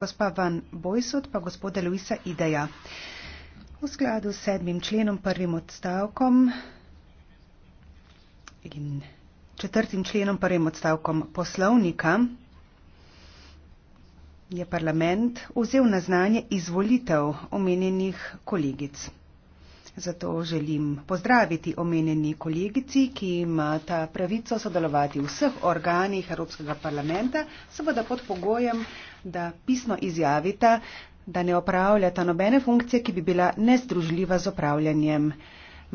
gospa Van Bojsot, pa gospoda Luisa Ideja. V skladu s sedmim členom, prvim odstavkom in četrtim členom, prvim odstavkom poslovnika je parlament vzel na znanje izvolitev omenjenih kolegic. Zato želim pozdraviti omenjeni kolegici, ki ima ta pravico sodelovati v vseh organih Evropskega parlamenta, seveda pod pogojem, da pisno izjavita, da ne opravljata nobene funkcije, ki bi bila nezdružljiva z opravljanjem